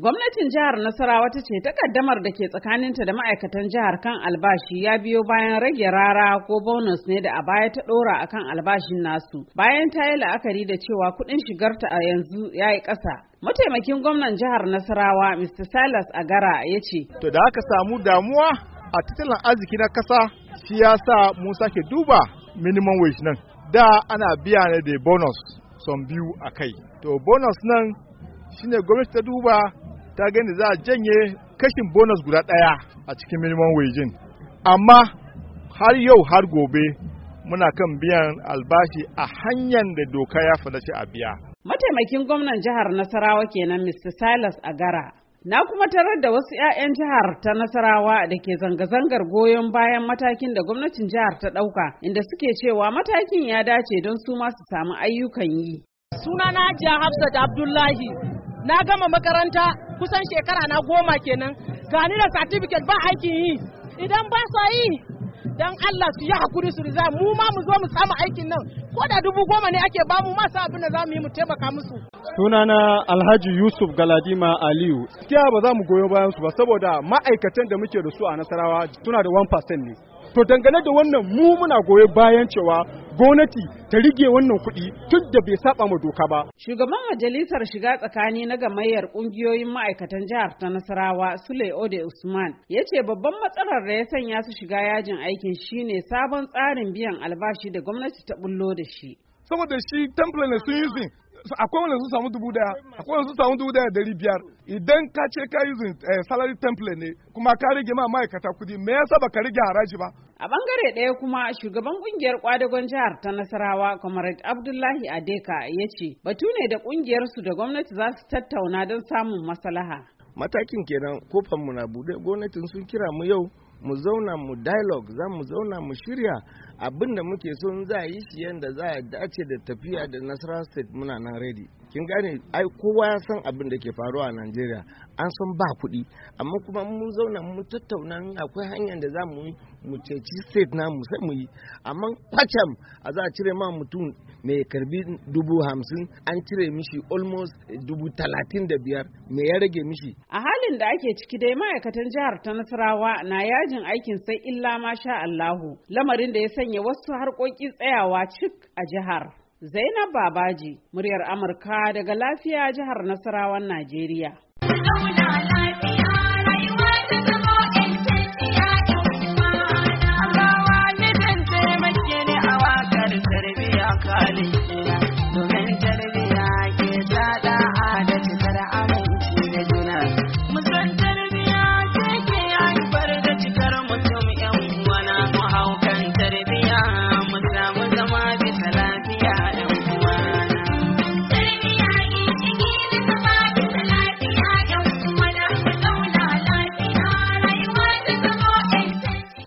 Gwamnatin jihar Nasarawa ta ce takaddamar da ke tsakaninta da ma'aikatan jihar kan albashi ya biyo bayan rage rara ko bonus ne da a baya ta ɗora a kan albashin nasu. Bayan ta yi la'akari da cewa kuɗin shigarta a yanzu ya yi ƙasa. Mataimakin gwamnan jihar Nasarawa Mr. Silas Agara ya ce. To da aka samu damuwa a tattalin arziki na ƙasa shi ya sa mu sake duba minimum wage nan. Da ana biya ne da bonus son biyu a kai. To bonus nan shine gwamnati ta duba ta gani za a janye kashin bonus guda ɗaya a cikin minimum wajen amma har yau har gobe muna kan biyan albashi a hanyar da doka ya fadace a biya mataimakin gwamnan jihar nasarawa kenan mr silas agara Na kuma tarar da wasu 'ya'yan jihar ta Nasarawa da ke zanga-zangar goyon bayan matakin da gwamnatin jihar ta ɗauka, inda suke cewa matakin ya dace don su masu su samu ayyukan yi. suna Hajiya Hafsat Abdullahi, na gama makaranta kusan shekara na goma kenan gani da certificate ba aikin yi idan ba sa yi dan Allah su yi hakuri su riza mu ma mu zo mu samu aikin nan ko da dubu goma ne ake ba mu ma sa abin da za mu yi mu taimaka musu sunana Alhaji Yusuf Galadima Aliyu kiya ba za mu goyo bayan su ba saboda ma'aikatan da muke da su a Nasarawa suna da 1% ne to dangane da wannan mu muna goyo bayan cewa gwamnati ta rige wannan kuɗi tun da bai saba ma doka ba. Shugaban majalisar shiga tsakani na gamayyar ƙungiyoyin ma'aikatan jihar ta Nasarawa Sule Ode Usman ya ce babban matsalar da ya sanya su shiga yajin aikin shine sabon tsarin biyan albashi da gwamnati ta bullo da shi. Saboda shi template sun yi akwai wanda sun samu dubu daya akwai wanda sun samu dubu daya dari biyar idan ka ce ka yi eh, salary template ne kuma ka rage ma ma'aikata kudi me yasa ba ka rage haraji ba a bangare ɗaya kuma shugaban kungiyar kwadagon jihar ta nasarawa comrade abdullahi adeka ya ce batu ne da ƙungiyarsu da gwamnati za su tattauna don samun maslaha matakin kenan kofar mu na buɗe gwamnatin sun kira mu yau mu zauna mu dialogue za mu zauna mu shirya abin da muke son za a yi shi yadda za a dace da tafiya da nasara state muna nan ready kin gane ai kowa ya san abin da ke faruwa a Najeriya an san ba kuɗi amma kuma mun zauna mu tattauna akwai hanyar da za mu yi mu ceci state na mu sai mu yi amma kwacam a za a cire ma mutum mai karbi dubu hamsin an cire mishi almost dubu talatin da biyar mai ya rage mishi. A halin da ake ciki dai ma'aikatan jihar ta Nasarawa na yajin aikin sai illa ma sha Allahu lamarin da ya sanya wasu harkokin tsayawa cik a jihar. Zainab Babaji, muryar Amurka daga lafiya jihar Nasarawan Najeriya.